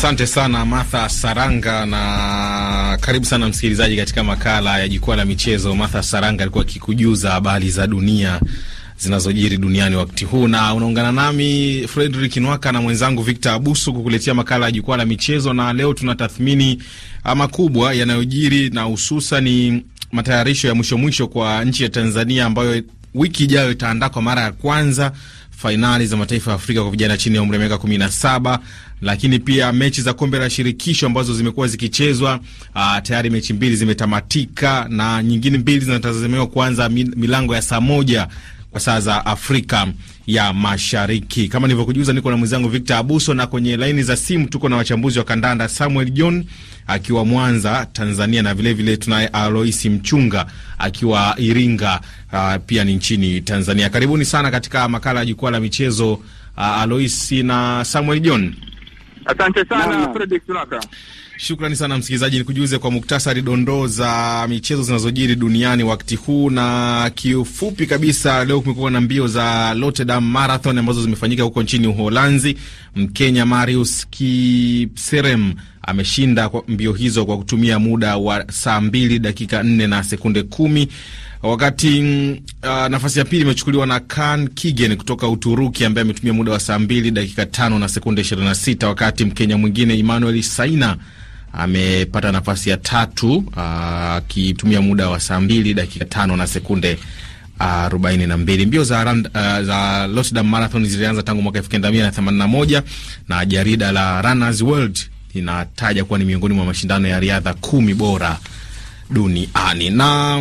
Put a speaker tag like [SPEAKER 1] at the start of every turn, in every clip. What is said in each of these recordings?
[SPEAKER 1] Asante sana Martha Saranga, na karibu sana msikilizaji katika makala ya jukwaa la michezo. Martha Saranga alikuwa akikujuza habari za dunia zinazojiri duniani wakati huu, na unaungana nami Fredrik Nwaka na mwenzangu Victor Abusu kukuletea makala ya jukwaa la michezo, na leo tuna tathmini ah, makubwa yanayojiri na hususani matayarisho ya mwisho mwisho kwa nchi ya Tanzania ambayo wiki ijayo itaandaa kwa mara ya kwanza fainali za mataifa ya Afrika kwa vijana chini ya umri wa miaka 17, lakini pia mechi za kombe la shirikisho ambazo zimekuwa zikichezwa. Uh, tayari mechi mbili zimetamatika na nyingine mbili zinatazamiwa kuanza milango ya saa moja kwa saa za Afrika ya Mashariki. Kama nilivyokujuza, niko na mwenzangu Victor Abuso na kwenye laini za simu tuko na wachambuzi wa kandanda Samuel John akiwa Mwanza, Tanzania, na vilevile tunaye Aloisi Mchunga akiwa Iringa, uh, pia ni nchini Tanzania. Karibuni sana katika makala ya jukwaa la michezo, uh, Aloisi na Samuel John.
[SPEAKER 2] Asante sana Fredrick Tunaka.
[SPEAKER 1] Shukrani sana msikilizaji, nikujuze kwa muktasari dondoo za michezo zinazojiri duniani wakati huu na kiufupi kabisa. Leo kumekuwa na mbio za Rotterdam Marathon ambazo zimefanyika huko nchini Uholanzi. Mkenya Marius Kipserem ameshinda mbio hizo kwa kutumia muda wa saa mbili dakika nne na sekunde kumi wakati uh, nafasi ya pili imechukuliwa na Kan Kigen kutoka Uturuki ambaye ametumia muda wa saa mbili dakika tano na sekunde 26 wakati Mkenya mwingine Emmanuel Saina amepata nafasi ya tatu ah, akitumia muda wa saa mbili dakika tano na sekunde ah, arobaini na mbili. Mbio za, Rand, uh, za Losdam Marathon zilianza tangu mwaka elfu kenda mia na themanini na moja na jarida la Runner's World linataja kuwa ni miongoni mwa mashindano ya riadha kumi bora duniani. Na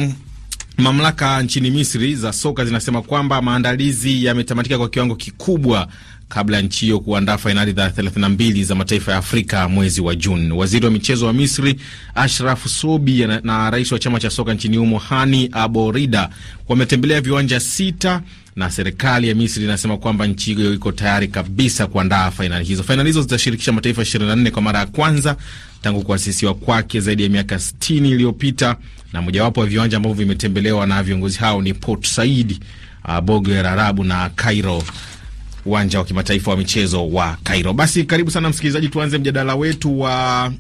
[SPEAKER 1] mamlaka nchini Misri za soka zinasema kwamba maandalizi yametamatika kwa kiwango kikubwa kabla ya nchi hiyo kuandaa fainali za 32 za mataifa ya Afrika mwezi wa Juni. Waziri wa michezo wa Misri Ashraf Sobi na, na rais wa chama cha soka nchini humo Hani Aborida wametembelea viwanja sita na serikali ya Misri inasema kwamba nchi hiyo iko tayari kabisa kuandaa fainali hizo. Fainali hizo zitashirikisha mataifa 24 kwa mara ya kwanza tangu kuasisiwa kwake zaidi ya miaka 60 iliyopita, na mojawapo ya viwanja ambavyo vimetembelewa na viongozi hao ni Port Said, uh, Borg El na Cairo uwanja wa kimataifa wa michezo wa Cairo. Basi karibu sana msikilizaji, tuanze mjadala wetu wa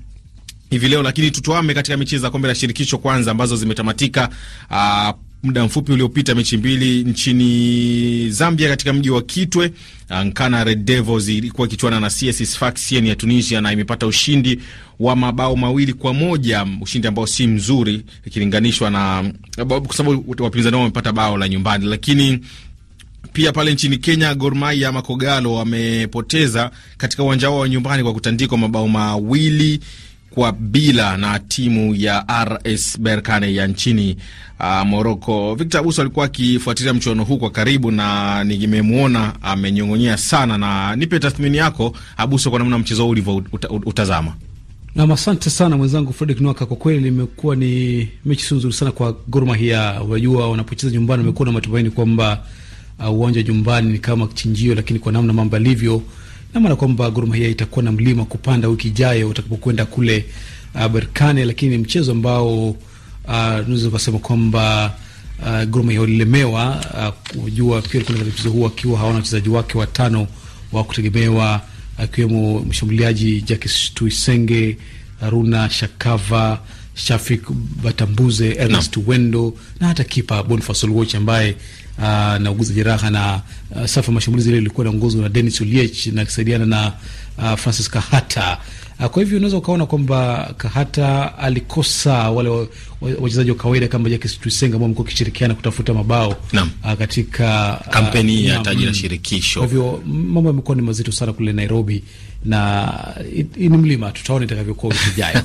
[SPEAKER 1] hivi leo, lakini tutuame katika mechi za kombe la shirikisho kwanza ambazo zimetamatika uh, muda mfupi uliopita, mechi mbili nchini Zambia, katika mji wa Kitwe. Uh, Nkana Red Devils ilikuwa ikichuana na CS Sfaxien ya Tunisia na imepata ushindi wa mabao mawili kwa moja, ushindi ambao si mzuri ikilinganishwa na, kwa sababu wapinzani wao wamepata bao la nyumbani, lakini pia pale nchini Kenya, Gor Mahia Makogalo wamepoteza katika uwanja wao wa nyumbani kwa kutandikwa mabao mawili kwa bila na timu ya RS Berkane ya nchini uh, Moroko. Victor Abuso alikuwa akifuatilia mchuano huu kwa karibu na nimemwona amenyong'onyea sana, na nipe tathmini yako Abuso, kwa namna mchezo huu ulivyo utazama.
[SPEAKER 3] Nam, asante sana mwenzangu Fredrick Nwaka. Kwa kweli limekuwa ni mechi si nzuri sana kwa Gor Mahia. Unajua, wanapocheza nyumbani wamekuwa na matumaini kwamba uh, uwanja nyumbani ni kama chinjio, lakini kwa namna mambo yalivyo, na maana kwamba Gor Mahia itakuwa na mlima kupanda wiki ijayo utakapokwenda kule uh, Berkane, lakini mchezo ambao uh, tunaweza uh, kusema kwamba uh, Gor Mahia walilemewa uh, kujua uh, pia kuna mchezo huu akiwa hawana wachezaji wake watano wa kutegemewa akiwemo uh, mshambuliaji Jacques Tuisenge, Runa Shakava Shafik Batambuze, Ernest no. Wendo na hata kipa Boniface Oluoch ambaye uh, nauguza jeraha na uh, safu ya mashambulizi ile ilikuwa inaongozwa na denis Uliech na kisaidiana na uh, Francis Kahata Ah, kwa hivyo unaweza ukaona kwamba hata alikosa wale wachezaji wa kawaida kama Jacques Tuyisenge ambao amekuwa akishirikiana kutafuta mabao a, ah, katika ah, kampeni ya taji la mm. shirikisho. Kwa hivyo mambo yamekuwa ni mazito sana kule Nairobi na ni mlima, tutaona itakavyokuwa wiki ijayo.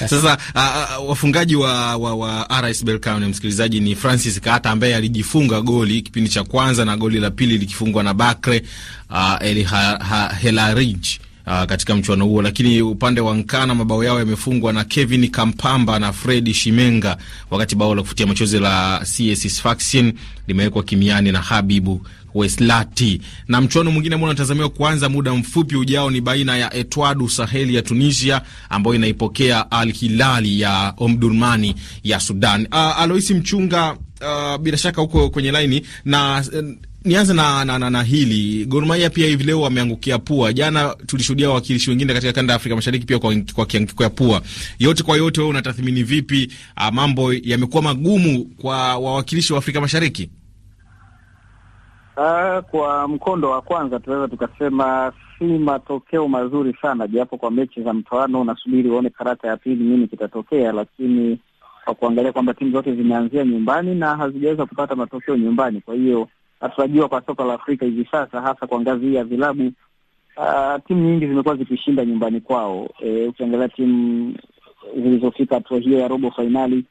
[SPEAKER 3] Sasa uh, wafungaji
[SPEAKER 1] wa, wa, wa RS Berkane, msikilizaji, ni Francis Kata ambaye alijifunga goli kipindi cha kwanza na goli la pili likifungwa na Bakre uh, Elhelarij ha, uh, katika mchuano huo, lakini upande wa Nkana mabao yao yamefungwa na Kevin Kampamba na Fred Shimenga, wakati bao la kufutia machozi la CS Sfaxien limewekwa kimiani na Habibu Weslati. Na mchuano mwingine ambao unatazamiwa kuanza muda mfupi ujao ni baina ya Etwadu Saheli ya Tunisia ambayo inaipokea Al Hilali ya Omdurmani ya Sudan. Uh, ah, Aloisi Mchunga, uh, bila shaka huko kwenye laini na eh, nianze na, na, na, na hili Gor Mahia pia hivi leo wameangukia pua. Jana tulishuhudia wawakilishi wengine katika kanda ya Afrika Mashariki pia kwa, kwa kiangukia pua. Yote kwa yote, wewe unatathmini vipi a, ah, mambo yamekuwa magumu kwa wawakilishi wa Afrika Mashariki?
[SPEAKER 4] Uh, kwa mkondo wa kwanza tunaweza tukasema si matokeo mazuri sana, japo kwa mechi za mtoano unasubiri uone karata ya pili nini kitatokea, lakini kwa kuangalia kwamba timu zote zimeanzia nyumbani na hazijaweza kupata matokeo nyumbani, kwa hiyo na kwa soka la Afrika hivi sasa, hasa kwa ngazi hii ya vilabu uh, timu nyingi zimekuwa zikishinda nyumbani kwao. E, ukiangalia timu zilizofika hatua hiyo ya robo fainali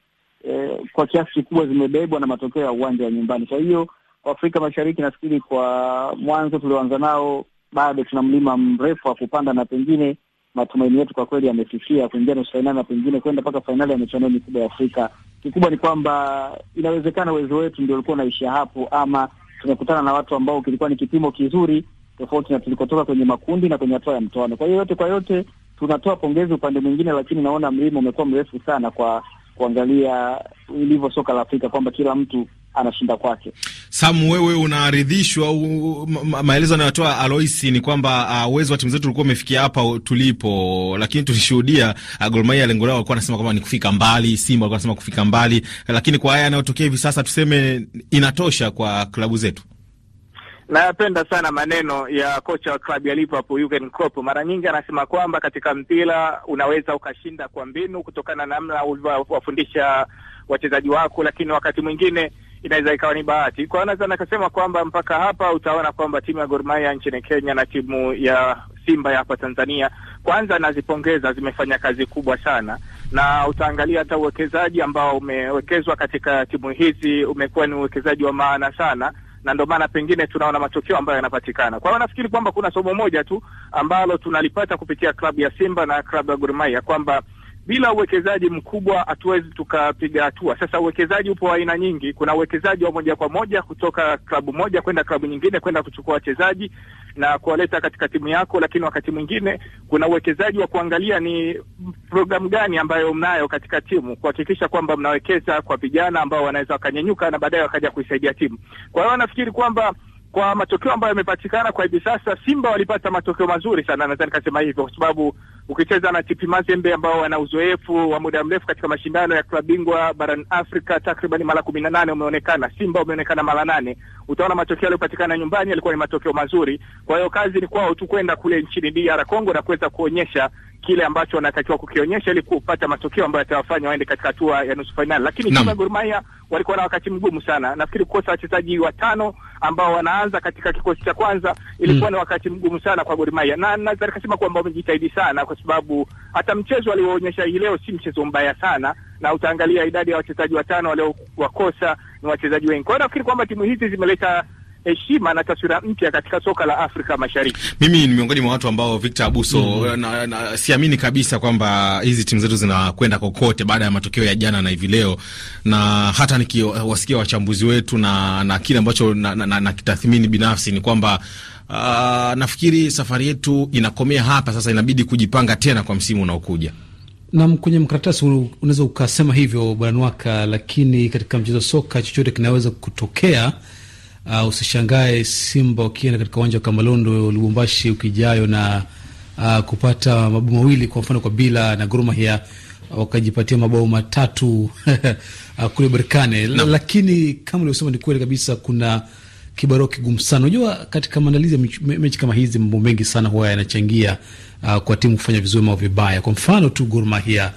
[SPEAKER 4] e, kwa kiasi kikubwa zimebebwa na matokeo ya uwanja wa nyumbani. Kwa hiyo kwa Afrika Mashariki nafikiri kwa mwanzo tulioanza nao bado tuna mlima mrefu wa kupanda, na pengine matumaini yetu kwa kweli yamefifia kuingia nusu fainali na pengine kwenda mpaka fainali ya michuano mikubwa ya Afrika. Kikubwa ni kwamba inawezekana uwezo wetu ndio ulikuwa unaishia hapo ama tumekutana na watu ambao kilikuwa ni kipimo kizuri, tofauti na tulikotoka kwenye makundi na kwenye hatua ya mtoano. Kwa hiyo yote kwa yote tunatoa pongezi upande mwingine, lakini naona mlima umekuwa mrefu sana kwa kuangalia ilivyo soka la Afrika kwamba kila mtu anashinda kwake.
[SPEAKER 1] Sam, wewe unaridhishwa au ma maelezo anayotoa Aloisi ni kwamba ah, uwezo uh, wa timu zetu ulikuwa umefikia hapa tulipo, lakini tulishuhudia uh, Gor Mahia lengo lao walikuwa anasema kwamba ni kufika mbali, Simba walikuwa anasema kufika mbali, lakini kwa haya yanayotokea hivi sasa tuseme inatosha kwa klabu zetu.
[SPEAKER 2] Nayapenda sana maneno ya kocha wa klabu ya Liverpool Jurgen Klopp. Mara nyingi anasema kwamba katika mpira unaweza ukashinda kwa mbinu, kutokana na namna ulivyowafundisha wachezaji wako, lakini wakati mwingine inaweza ikawa ni bahati kwa, naweza nakasema kwamba mpaka hapa utaona kwamba timu ya Gor Mahia nchini Kenya na timu ya Simba ya hapa Tanzania, kwanza nazipongeza, zimefanya kazi kubwa sana, na utaangalia hata uwekezaji ambao umewekezwa katika timu hizi umekuwa ni uwekezaji wa maana sana na ndio maana pengine tunaona matokeo ambayo yanapatikana. Kwa hiyo nafikiri kwamba kuna somo moja tu ambalo tunalipata kupitia klabu ya Simba na klabu ya Gor Mahia kwamba bila uwekezaji mkubwa hatuwezi tukapiga hatua. Sasa uwekezaji upo aina nyingi. Kuna uwekezaji wa moja kwa moja kutoka klabu moja kwenda klabu nyingine, kwenda kuchukua wachezaji na kuwaleta katika timu yako, lakini wakati mwingine kuna uwekezaji wa kuangalia ni programu gani ambayo mnayo katika timu, kuhakikisha kwamba mnawekeza kwa vijana ambao wanaweza wakanyenyuka na baadaye wakaja kuisaidia timu. Kwa hiyo nafikiri kwamba kwa matokeo ambayo yamepatikana kwa hivi sasa, Simba walipata matokeo mazuri sana, nadhani kasema hivyo, kwa sababu ukicheza na TP Mazembe ambao wana uzoefu wa muda mrefu katika mashindano ya klabu bingwa barani Afrika takriban mara kumi na nane umeonekana Simba umeonekana mara nane. Utaona matokeo yaliyopatikana nyumbani yalikuwa ni matokeo mazuri. Kwa hiyo kazi ni kwao tu kwenda kule nchini DR Congo na kuweza kuonyesha kile ambacho wanatakiwa kukionyesha ili kupata matokeo ambayo yatawafanya waende katika hatua ya nusu fainali. Lakini Gor Mahia walikuwa na wakati mgumu sana, nafikiri kukosa wachezaji watano ambao wanaanza katika kikosi cha kwanza, ilikuwa mm. ni wakati mgumu sana kwa Gor Mahia, na naweza nikasema kwamba wamejitahidi sana, kwa sababu hata mchezo alioonyesha hii leo si mchezo mbaya sana, na utaangalia idadi ya wachezaji watano waliowakosa ni wachezaji wengi. Kwa hiyo nafikiri kwamba timu hizi zimeleta heshima na taswira mpya katika soka la Afrika Mashariki.
[SPEAKER 1] Mimi ni miongoni mwa watu ambao Victor Abuso, mm, -hmm. na, na, siamini kabisa kwamba hizi timu zetu zinakwenda kokote baada ya matokeo ya jana na hivi leo, na hata nikiwasikia wachambuzi wetu na, na kile ambacho nakitathmini na, na, na binafsi ni kwamba uh, nafikiri safari yetu inakomea hapa sasa, inabidi kujipanga tena kwa msimu unaokuja
[SPEAKER 3] nam kwenye mkaratasi unaweza ukasema hivyo bwana Nwaka, lakini katika mchezo soka chochote kinaweza kutokea. Uh, usishangae Simba ukienda katika uwanja wa Kamalondo Lubumbashi ukijayo na uh, kupata mabao mawili kwa mfano kwa bila na Gor Mahia ah, wakajipatia mabao matatu kule Berkane no. Lakini kama ulivyosema, ni kweli kabisa kuna kibarua kigumu sana. Unajua, katika maandalizi ya mechi kama hizi mambo mengi sana huwa yanachangia uh, kwa timu kufanya vizuri au vibaya. Kwa mfano tu Gor Mahia,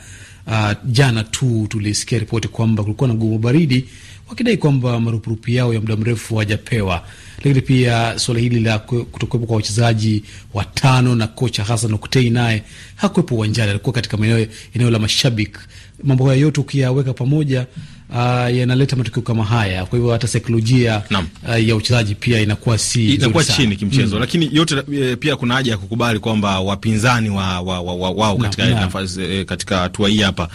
[SPEAKER 3] uh, jana tu tulisikia ripoti kwamba kulikuwa na gumu baridi wakidai kwamba marupurupu yao ya muda mrefu hawajapewa. Lakini pia suala hili la kutokuwepo kwa wachezaji watano na kocha Hasan Oktei naye hakuwepo uwanjani, alikuwa katika maeneo eneo la mashabiki. Mambo haya yote ukiyaweka pamoja Uh, yanaleta matukio kama haya. Kwa hivyo hata saikolojia uh, ya uchezaji pia inakuwa si inakuwa chini kimchezo mm.
[SPEAKER 1] Lakini yote e, pia kuna haja ya kukubali kwamba wapinzani wa, wa, wa, wa, wao eh, katika hatua hii hapa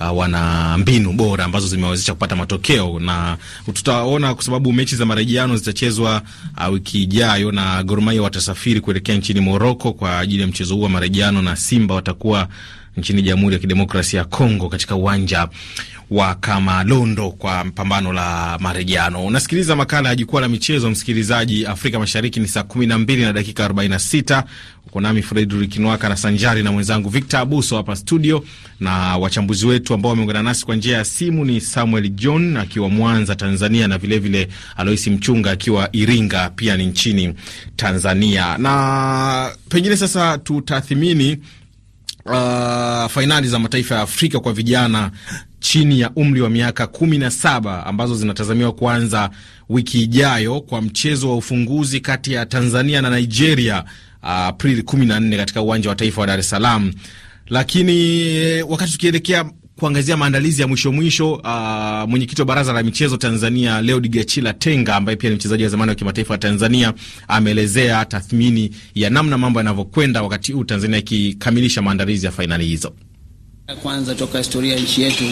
[SPEAKER 1] uh, wana mbinu bora ambazo zimewezesha kupata matokeo, na tutaona kwa sababu mechi za marejeano zitachezwa uh, wiki ijayo, na Gor Mahia watasafiri kuelekea nchini Morocco kwa ajili ya mchezo huu wa marejeano, na Simba watakuwa nchini Jamhuri ya Kidemokrasia ya Kongo katika uwanja wa Kamalondo kwa pambano la marejano. Unasikiliza makala ya jukwaa la michezo, msikilizaji. Afrika Mashariki ni saa kumi na mbili na dakika arobaini na sita. Uko nami Fredrik Nwaka na sanjari na mwenzangu Victor Abuso hapa studio, na wachambuzi wetu ambao wameungana nasi kwa njia ya simu ni Samuel John akiwa Mwanza, Tanzania, na vilevile Aloisi Mchunga akiwa Iringa, pia ni nchini Tanzania. Na pengine sasa tutathimini uh, fainali za mataifa ya Afrika kwa vijana chini ya umri wa miaka kumi na saba ambazo zinatazamiwa kuanza wiki ijayo kwa mchezo wa ufunguzi kati ya Tanzania na Nigeria uh, Aprili 14 katika uwanja wa taifa wa Dar es Salaam. Lakini eh, wakati tukielekea kuangazia maandalizi ya mwisho mwisho, uh, mwenyekiti wa baraza la michezo Tanzania leo digachila Tenga ambaye pia ni mchezaji wa zamani wa kimataifa wa Tanzania ameelezea tathmini ya namna mambo yanavyokwenda wakati huu Tanzania ikikamilisha maandalizi ya fainali hizo.
[SPEAKER 3] Kwanza toka historia nchi yetu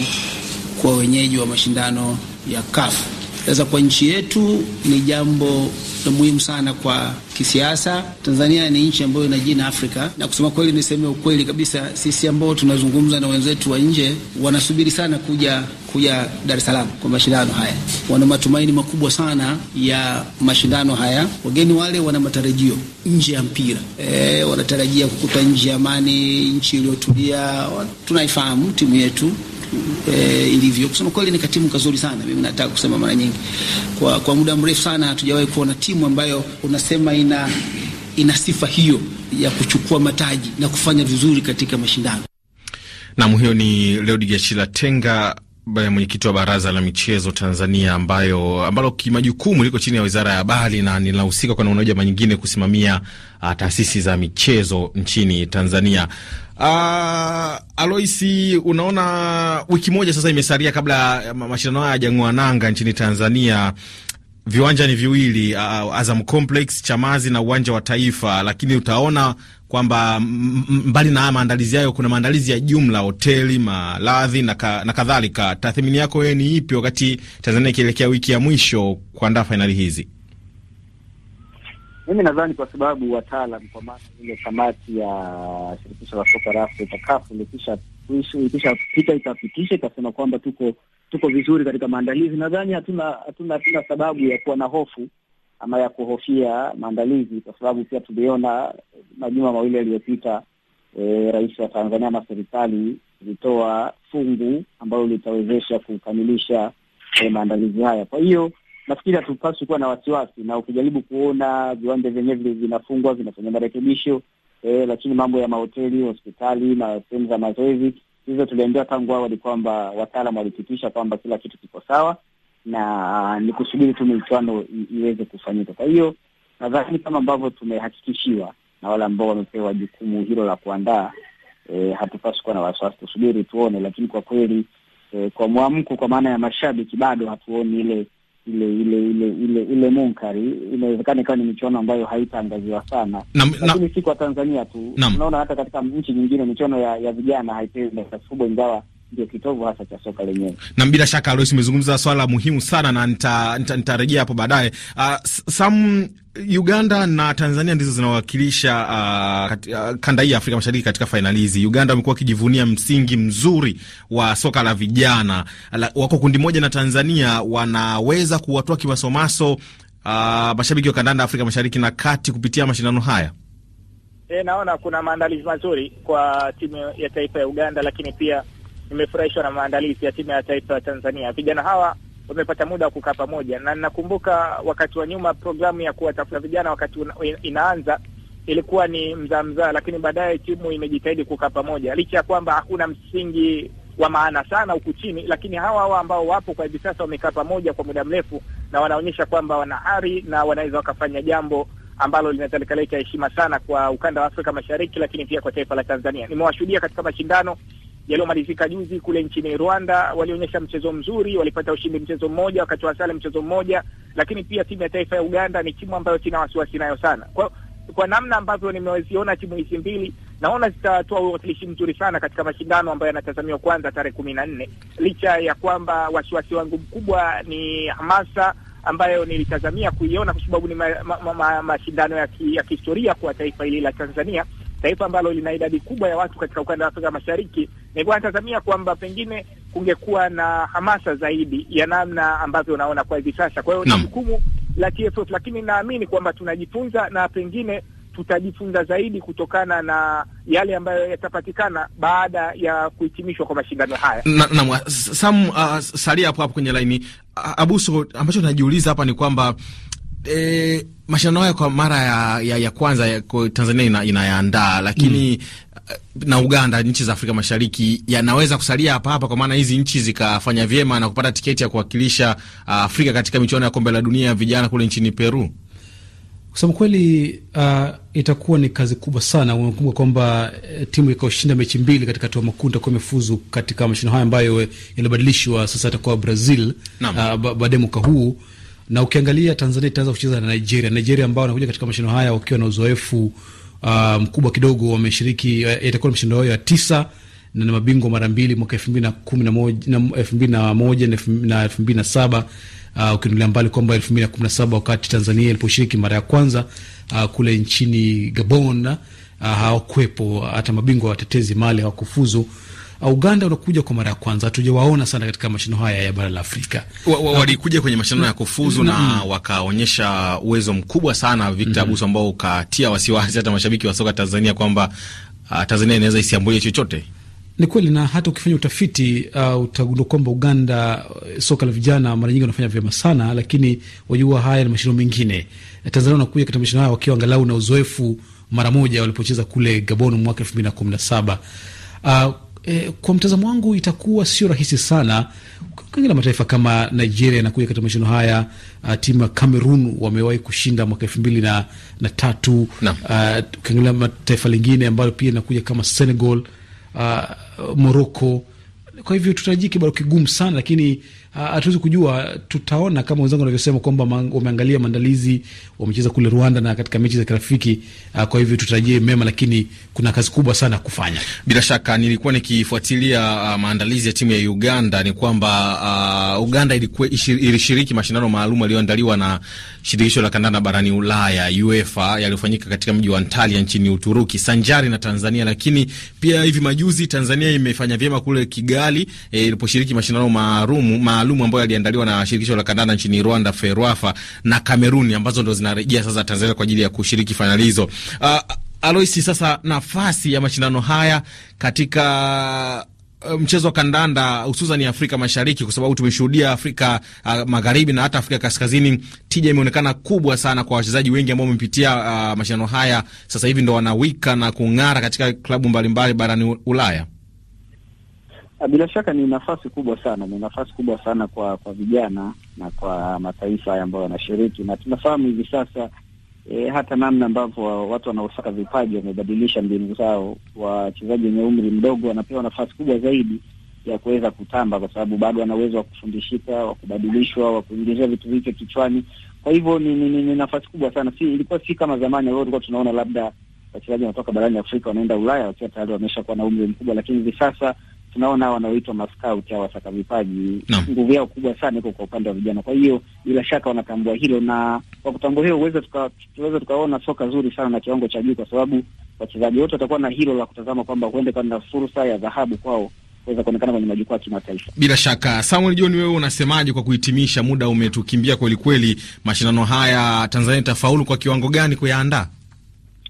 [SPEAKER 3] kuwa wenyeji wa mashindano ya kafu sasa kwa nchi yetu ni jambo la muhimu sana kwa kisiasa. Tanzania ni nchi ambayo ina jina Afrika, na kusema kweli, niseme ukweli kabisa, sisi ambao tunazungumza na wenzetu wa nje wanasubiri sana kuja kuja Dar es Salaam kwa mashindano haya, wana matumaini makubwa sana ya mashindano haya. Wageni wale wana matarajio nje ya mpira e, wanatarajia kukuta nchi ya amani, nchi iliyotulia. Tunaifahamu timu yetu e, ilivyo. Kusema kweli ni katimu kazuri sana, mimi nataka kusema mara nyingi, kwa, kwa muda mrefu sana hatujawahi kuona timu ambayo unasema ina, ina sifa hiyo ya kuchukua mataji na kufanya vizuri katika mashindano.
[SPEAKER 1] Nam, huyo ni Leodegar Tenga, mwenyekiti wa Baraza la Michezo Tanzania ambayo ambalo kimajukumu liko chini ya Wizara ya Habari na linahusika kwa namna moja nyingine kusimamia uh, taasisi za michezo nchini Tanzania. Uh, Aloisi, unaona wiki moja sasa imesalia kabla mashindano haya yajang'oa nanga nchini Tanzania. Viwanja ni viwili, uh, Azam Complex Chamazi na uwanja wa Taifa, lakini utaona kwamba mbali na maandalizi hayo kuna maandalizi ya jumla, hoteli, maradhi na kadhalika. Na tathmini yako wewe ni ipi, wakati Tanzania ikielekea wiki ya mwisho kuandaa fainali hizi?
[SPEAKER 4] Mimi nadhani kwa sababu wataalam, kwa maana ile kamati ya shirikisho la soka la Afrika CAF pita ikapitisha ikasema kwamba tuko tuko vizuri katika maandalizi, nadhani hatuna hatuna hatuna sababu ya kuwa na hofu ama ya kuhofia maandalizi, kwa sababu pia tuliona majuma mawili yaliyopita e, rais wa Tanzania na serikali ilitoa fungu ambalo litawezesha kukamilisha e, maandalizi haya. Kwa hiyo nafikiri hatupaswi kuwa na wasiwasi, na ukijaribu kuona viwanja vyenyewe vinafungwa vinafanya marekebisho e, lakini mambo ya mahoteli, hospitali na sehemu za mazoezi hizo tuliambiwa tangu awali kwamba wataalam walipitisha kwamba kila kitu kiko sawa na ni kusubiri tu michuano iweze kufanyika. Kwa hiyo nadhani kama ambavyo tumehakikishiwa na wale ambao wamepewa jukumu hilo la kuandaa, e, hatupaswi kuwa na wasiwasi, tusubiri tuone. Lakini kwa kweli e, kwa mwamko, kwa maana ya mashabiki, bado hatuoni ile ile ile ile ile ile munkari. Inawezekana ikawa ni michuano ambayo haitaangaziwa sana, lakini si kwa Tanzania tu, unaona hata katika nchi nyingine michuano ya, ya vijana haipewi nafasi kubwa, ingawa ndio kitovu hasa cha soka lenyewe.
[SPEAKER 1] Na bila shaka Alois, umezungumza swala muhimu sana na nitarejea nita, nita hapo baadaye. Uh, ah, sam Uganda na Tanzania ndizo zinawakilisha uh, ah, kat, uh, ah, kanda hii ya Afrika Mashariki katika fainali hizi. Uganda wamekuwa wakijivunia msingi mzuri wa soka la vijana, la, wako kundi moja na Tanzania, wanaweza kuwatoa kimasomaso uh, mashabiki wa kandanda Afrika Mashariki na kati kupitia mashindano haya.
[SPEAKER 2] E, naona kuna maandalizi mazuri kwa timu ya taifa ya Uganda, lakini pia nimefurahishwa na maandalizi ya timu ya taifa ya Tanzania. Vijana hawa wamepata muda wa kukaa pamoja, na nakumbuka wakati wa nyuma programu ya kuwatafuta vijana wakati inaanza ilikuwa ni mzaa mzaa, lakini baadaye timu imejitahidi kukaa pamoja, licha ya kwamba hakuna msingi wa maana sana huku chini, lakini hawa hawa ambao wapo kwa hivi sasa wamekaa pamoja kwa muda mrefu, na wanaonyesha kwamba wana ari na wanaweza wakafanya jambo ambalo linatakaleta heshima sana kwa ukanda wa Afrika Mashariki, lakini pia kwa taifa la Tanzania. Nimewashuhudia katika mashindano
[SPEAKER 5] yaliyomalizika
[SPEAKER 2] juzi kule nchini Rwanda, walionyesha mchezo mzuri, walipata ushindi mchezo mmoja, wakati wa sare mchezo mmoja, lakini pia timu ya taifa ya Uganda ni timu ambayo sina wasiwasi nayo sana. Kwa kwa namna ambavyo nimeziona timu hizi mbili, naona zitatoa uwakilishi mzuri sana katika mashindano ambayo yanatazamiwa kwanza tarehe kumi na nne, licha ya kwamba wasiwasi wangu mkubwa ni hamasa ambayo nilitazamia kuiona kwa sababu ni mashindano ma, ma, ma, ma ya kihistoria kwa taifa hili la Tanzania taifa ambalo lina idadi kubwa ya watu katika ukanda wa Afrika Mashariki, nilikuwa natazamia kwamba pengine kungekuwa na hamasa zaidi ya namna ambavyo unaona kwa hivi sasa. Kwa hiyo ni jukumu la TFF, lakini naamini kwamba tunajifunza na pengine tutajifunza zaidi kutokana na yale ambayo yatapatikana baada ya kuhitimishwa kwa mashindano haya. Naam na,
[SPEAKER 1] Sam, uh, salia hapo hapo kwenye laini. Abuso, ambacho tunajiuliza hapa ni kwamba e, mashindano hayo kwa mara ya, ya, ya kwanza ya, kwa Tanzania inayaandaa ina lakini mm, eh, na Uganda, nchi za Afrika Mashariki yanaweza kusalia hapa hapa, kwa maana hizi nchi zikafanya vyema na kupata tiketi ya kuwakilisha ah, Afrika katika michuano ya kombe la dunia ya vijana kule nchini Peru.
[SPEAKER 3] Kusema kweli, uh, itakuwa ni kazi kubwa sana. Umekumbuka kwamba eh, timu ikaoshinda mechi mbili katika hatua makundi itakuwa imefuzu katika mashindano haya ambayo eh, yalibadilishwa, sasa atakuwa Brazil uh, baadaye mwaka huu na ukiangalia Tanzania itaanza kucheza na Nigeria. Nigeria ambao wanakuja katika mashindano haya wakiwa na uzoefu uh, mkubwa kidogo, wameshiriki yatakuwa eh, mashindano hayo ya tisa na ni mabingwa mara mbili mwaka elfu mbili na kumi na moja elfu mbili na moja na elfu mbili na saba uh, ukinulia mbali kwamba elfu mbili na kumi na saba wakati Tanzania iliposhiriki mara ya kwanza uh, kule nchini Gabon uh, hawakuwepo. Hata mabingwa watetezi Mali hawakufuzu. Uganda wanakuja kwa mara ya kwanza, hatujawaona sana katika mashindano haya ya bara la Afrika.
[SPEAKER 1] Walikuja kwenye mashindano ya kufuzu mm-hmm. na, wakaonyesha uwezo mkubwa sana Victor mm-hmm. Abuso, ambao ukatia wasiwasi hata mashabiki wa soka Tanzania kwamba uh, Tanzania inaweza isiambulie chochote.
[SPEAKER 3] Ni kweli na hata ukifanya utafiti uh, utagundua kwamba Uganda uh, soka la vijana mara nyingi wanafanya vyema sana, lakini wajua haya na mashindano mengine. Tanzania wanakuja katika mashindano haya wakiwa angalau na uzoefu, mara moja walipocheza kule Gabon mwaka elfu mbili na kumi na saba. Uh, eh, kwa mtazamo wangu itakuwa sio rahisi sana. Ukiangalia mataifa kama Nigeria inakuja katika mashindano haya. Uh, timu ya Cameroon wamewahi kushinda mwaka elfu mbili na, na tatu. Ukiangalia uh, mataifa lingine ambayo pia inakuja kama Senegal, uh, Morocco. Kwa hivyo tutarajii kibaro kigumu sana, lakini Ah, hatuwezi kujua, tutaona kama wenzangu wanavyosema kwamba wameangalia maandalizi, wamecheza kule Rwanda na katika mechi za kirafiki. Ah, kwa hivyo tutarajie mema, lakini kuna kazi kubwa sana kufanya.
[SPEAKER 1] Bila shaka nilikuwa nikifuatilia uh, maandalizi ya timu ya Uganda, ni kwamba uh, Uganda ilikuwa ilishiriki mashindano maalum yaliyoandaliwa na shirikisho la kandanda barani Ulaya UEFA, yaliyofanyika katika mji wa Antalya nchini Uturuki sanjari na Tanzania, lakini pia hivi majuzi Tanzania imefanya vyema kule Kigali eh, iliposhiriki eh, mashindano maalum ma maalum ambayo yaliandaliwa na shirikisho la kandanda nchini Rwanda FERWAFA na Kameruni ambazo ndo zinarejea sasa Tanzania kwa ajili ya kushiriki fainali hizo. Uh, Aloisi, sasa nafasi ya mashindano haya katika eh, mchezo wa kandanda hususan ni Afrika Mashariki, kwa sababu tumeshuhudia Afrika uh, Magharibi na hata Afrika Kaskazini, tija imeonekana kubwa sana kwa wachezaji wengi ambao wamepitia uh, mashindano haya. Sasa hivi ndo wanawika na kung'ara katika klabu mbalimbali barani Ulaya.
[SPEAKER 4] Ah, bila shaka ni nafasi kubwa sana, ni nafasi kubwa sana kwa kwa vijana na kwa mataifa haya ambayo wanashiriki, na tunafahamu hivi sasa e, hata namna ambavyo watu wanaosaka vipaji wamebadilisha mbinu zao. Wachezaji wenye umri mdogo wanapewa nafasi kubwa zaidi ya kuweza kutamba, kwa sababu bado wana uwezo wa kufundishika, wa kubadilishwa, wa kuingizia vitu vipya kichwani. Kwa hivyo ni, ni, ni, ni nafasi kubwa sana, si ilikuwa si kama zamani ambao tulikuwa tunaona labda wachezaji wanatoka barani Afrika wanaenda Ulaya wakiwa tayari wamesha kuwa na umri mkubwa, lakini hivi sasa tunaona wanaoitwa maskout au wasaka vipaji nguvu yao kubwa sana iko kwa upande wa vijana. Kwa hiyo bila shaka wanatambua hilo, na kwa kutambua hiyo uweze tuka, tukaona soka zuri sana na kiwango cha juu, kwa sababu wachezaji wote watakuwa na hilo la kutazama kwamba huende kwa na fursa ya dhahabu kwao kuweza kuonekana kwenye majukwaa ya kimataifa.
[SPEAKER 1] Bila shaka, Samuel John, wewe unasemaje kwa kuhitimisha? Muda umetukimbia kweli kweli. Mashindano haya Tanzania itafaulu kwa kiwango gani kuyaandaa?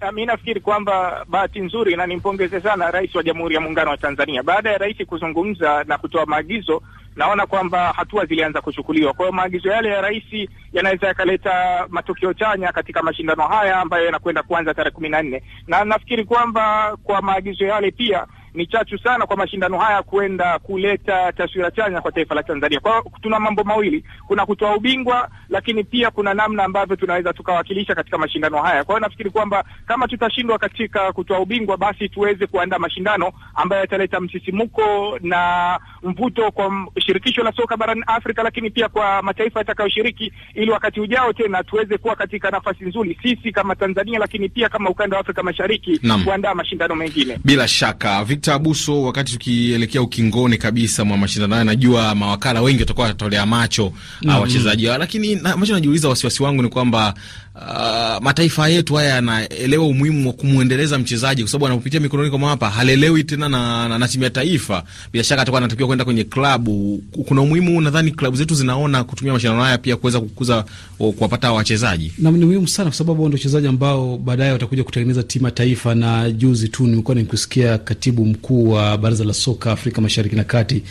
[SPEAKER 2] Ah, mi nafikiri kwamba bahati nzuri na nimpongeze sana Rais wa Jamhuri ya Muungano wa Tanzania. Baada ya rais kuzungumza na kutoa maagizo, naona kwamba hatua zilianza kuchukuliwa. Kwa hiyo maagizo yale ya rais yanaweza yakaleta matokeo chanya katika mashindano haya ambayo yanakwenda kuanza tarehe kumi na nne, na nafikiri kwamba kwa maagizo yale pia ni chachu sana kwa mashindano haya kwenda kuleta taswira chanya kwa taifa la Tanzania. Kwa hiyo tuna mambo mawili, kuna kutoa ubingwa, lakini pia kuna namna ambavyo tunaweza tukawakilisha katika mashindano haya. Kwa hiyo nafikiri kwamba kama tutashindwa katika kutoa ubingwa, basi tuweze kuandaa mashindano ambayo yataleta msisimuko na mvuto kwa shirikisho la soka barani Afrika, lakini pia kwa mataifa yatakayoshiriki, ili wakati ujao tena tuweze kuwa katika nafasi nzuri sisi kama Tanzania, lakini pia kama ukanda wa Afrika Mashariki kuandaa mashindano mengine. Bila
[SPEAKER 1] shaka Victor Abuso, wakati tukielekea ukingoni kabisa mwa mashindano haya, najua mawakala wengi watakuwa watatolea macho mm -hmm. wachezaji, lakini na, najiuliza, wasiwasi wangu ni kwamba uh, mataifa yetu haya yanaelewa umuhimu wa kumwendeleza mchezaji kwa sababu anapopitia mikononi kwa mapa halelewi tena na, na, na timu ya taifa. Bila shaka atakuwa anatakiwa kwenda kwenye klabu. Kuna umuhimu nadhani klabu zetu zinaona kutumia mashindano haya pia kuweza kukuza kuwapata wachezaji,
[SPEAKER 3] na ni muhimu sana kwa sababu ndio wachezaji ambao baadaye watakuja kutengeneza timu ya taifa. Na juzi tu nimekuwa nikusikia katibu mkuu wa baraza la soka Afrika Mashariki na Kati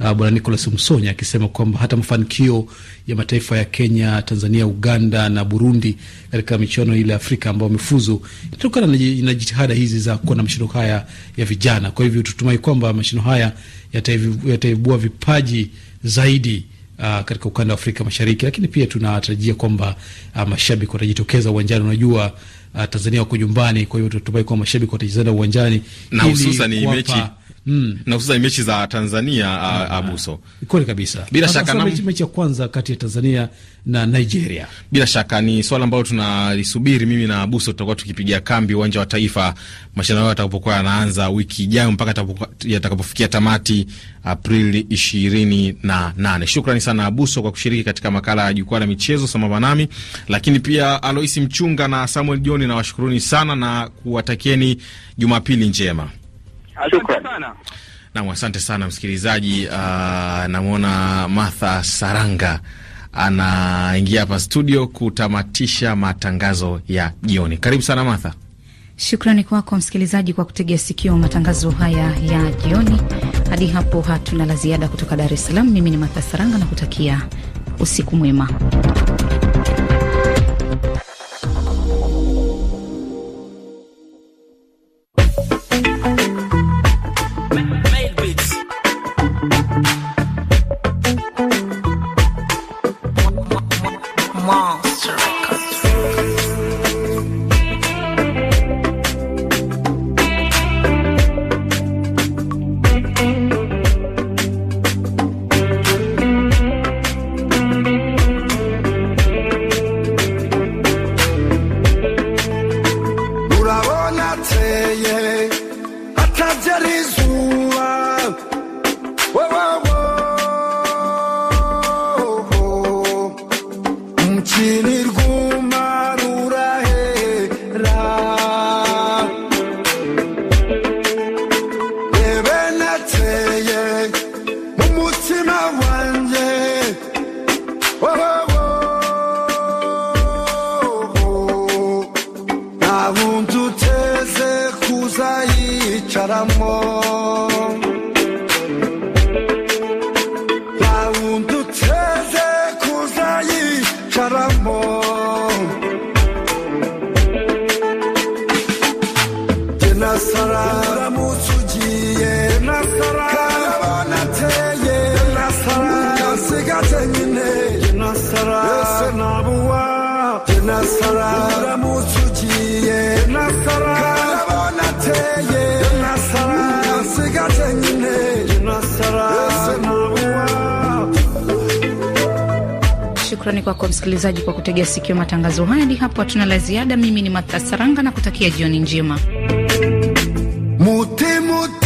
[SPEAKER 3] uh, bwana Nicolas Msonya akisema kwamba hata mafanikio ya mataifa ya Kenya, Tanzania, Uganda na Burundi katika michuano ile Afrika ambayo wamefuzu inatokana na jitihada hizi za kuwa na mashindano haya ya vijana. Kwa hivyo tutumai kwamba mashindano haya yataibua vipaji zaidi Uh, katika ukanda wa Afrika Mashariki, lakini pia tunatarajia kwamba uh, mashabiki watajitokeza uwanjani. Unajua uh, Tanzania wako nyumbani, kwa hiyo tunatumai kwamba mashabiki watajizana uwanjani na hususan ni mechi mm.
[SPEAKER 1] na hususan mechi za Tanzania ah, ah. Abuso. Kweli kabisa, bila shaka na mechi
[SPEAKER 3] ya kwanza kati ya Tanzania na Nigeria,
[SPEAKER 1] bila shaka ni swala ambalo tunalisubiri. Mimi na Abuso tutakuwa tukipiga kambi uwanja wa Taifa mashindano yatakapokuwa yanaanza wiki ijayo mpaka yatakapofikia tamati Aprili ishirini na nane. Shukrani sana Abuso kwa kushiriki katika makala ya jukwaa la michezo sambamba nami, lakini pia Aloisi Mchunga na Samuel John nawashukuruni sana na kuwatakieni Jumapili njema. Asante sana. Naam, asante sana msikilizaji. Uh, namwona Martha Saranga anaingia hapa studio kutamatisha matangazo ya jioni. Karibu sana Martha.
[SPEAKER 3] Shukrani kwako msikilizaji kwa kutegea sikio matangazo haya ya jioni. Hadi hapo hatuna la ziada kutoka Dar es Salaam. Mimi ni Martha
[SPEAKER 5] Saranga na kutakia usiku mwema. chicharrón
[SPEAKER 3] Shukrani kwako msikilizaji kwa kutegea sikio matangazo haya. Hadi hapo hatuna la ziada. Mimi ni Matha Saranga na kutakia jioni njema.
[SPEAKER 5] Mute, mute.